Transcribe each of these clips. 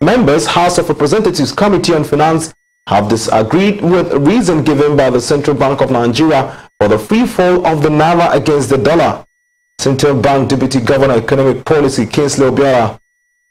members, House of Representatives Committee on Finance have disagreed with reason given by the Central Bank of Nigeria for the free fall of the Naira against the dollar. Central Bank Deputy Governor Economic Policy Kingsley Obiara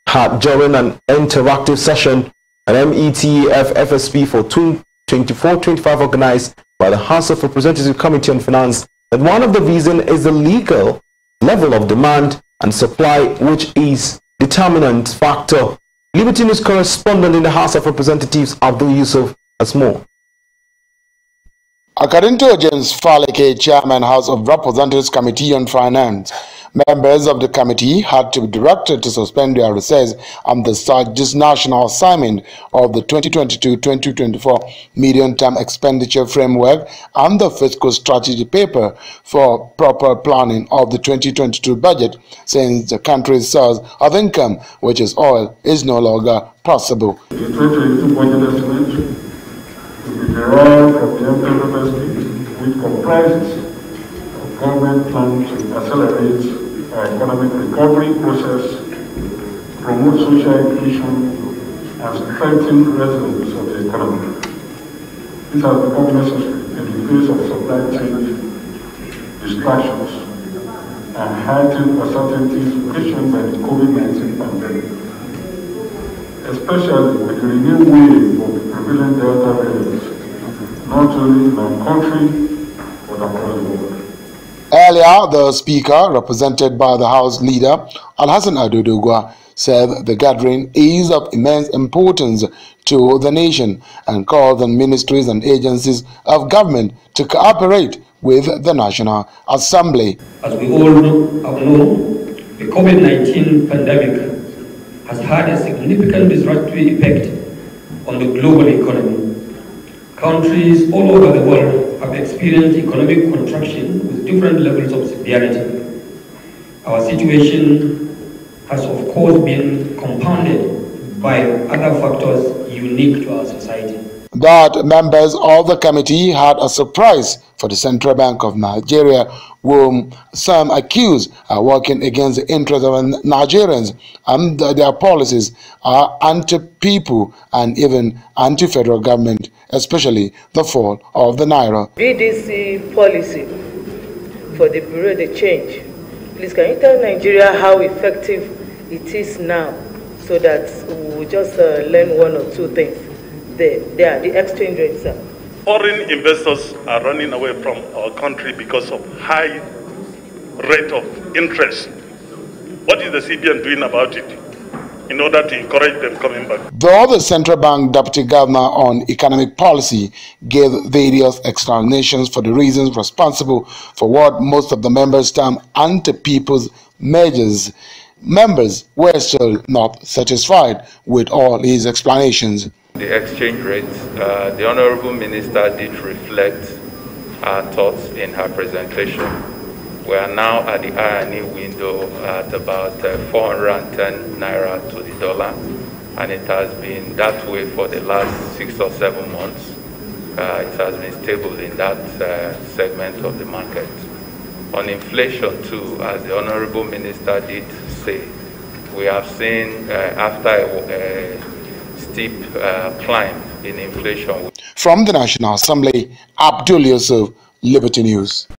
had during an interactive session at METF FSP for 24-25 organized by the House of Representatives Committee on Finance that one of the reasons is the legal level of demand and supply which is determinant factor Liberty News correspondent in the House of Representatives, Abdul Yusuf Asmo. According to James Faleke, Chairman, House of Representatives Committee on Finance, Members of the committee had to be directed to suspend their recess and the start this national assignment of the 2022-2024 medium-term expenditure framework and the fiscal strategy paper for proper planning of the 2022 budget since the country's source of income, which is oil, is no longer possible. The 2022 budget estimate derived from the comprises government plan to accelerate economic recovery process, promote social inclusion, and strengthen resilience of the economy. This has become necessary in the face of supply chain distractions and heightened uncertainties occasioned by the COVID-19 pandemic, especially with the renewed wave of the prevalent Delta variant, not only in our country, Earlier, the Speaker, represented by the House Leader Alhassan Adodogwa, said the gathering is of immense importance to the nation and called on ministries and agencies of government to cooperate with the National Assembly. As we all know, the COVID-19 pandemic has had a significant disruptive effect on the global economy. Countries all over the world have experienced economic contraction with different levels of severity. Our situation has of course been compounded by other factors unique to our society that members of the committee had a surprise for the Central Bank of Nigeria, whom some accuse are working against the interests of Nigerians and their policies are anti-people and even anti-federal government, especially the fall of the Naira. BDC policy for the Bureau de Change. Please, can you tell Nigeria how effective it is now so that we will just uh, learn one or two things? the, the, the exchange rate, sir. Foreign investors are running away from our country because of high rate of interest. What is the CBN doing about it? in order to encourage them coming back. Though the central bank deputy governor on economic policy gave various explanations for the reasons responsible for what most of the members term anti-people's measures, members were still not satisfied with all his explanations. The exchange rate, uh, the Honourable Minister did reflect our thoughts in her presentation. We are now at the INE window at about uh, 410 naira to the dollar, and it has been that way for the last six or seven months. Uh, it has been stable in that uh, segment of the market. On inflation, too, as the Honorable Minister did say, we have seen uh, after a, steep uh, climb in inflation. From the National Assembly, Abdul Yusuf, Liberty News.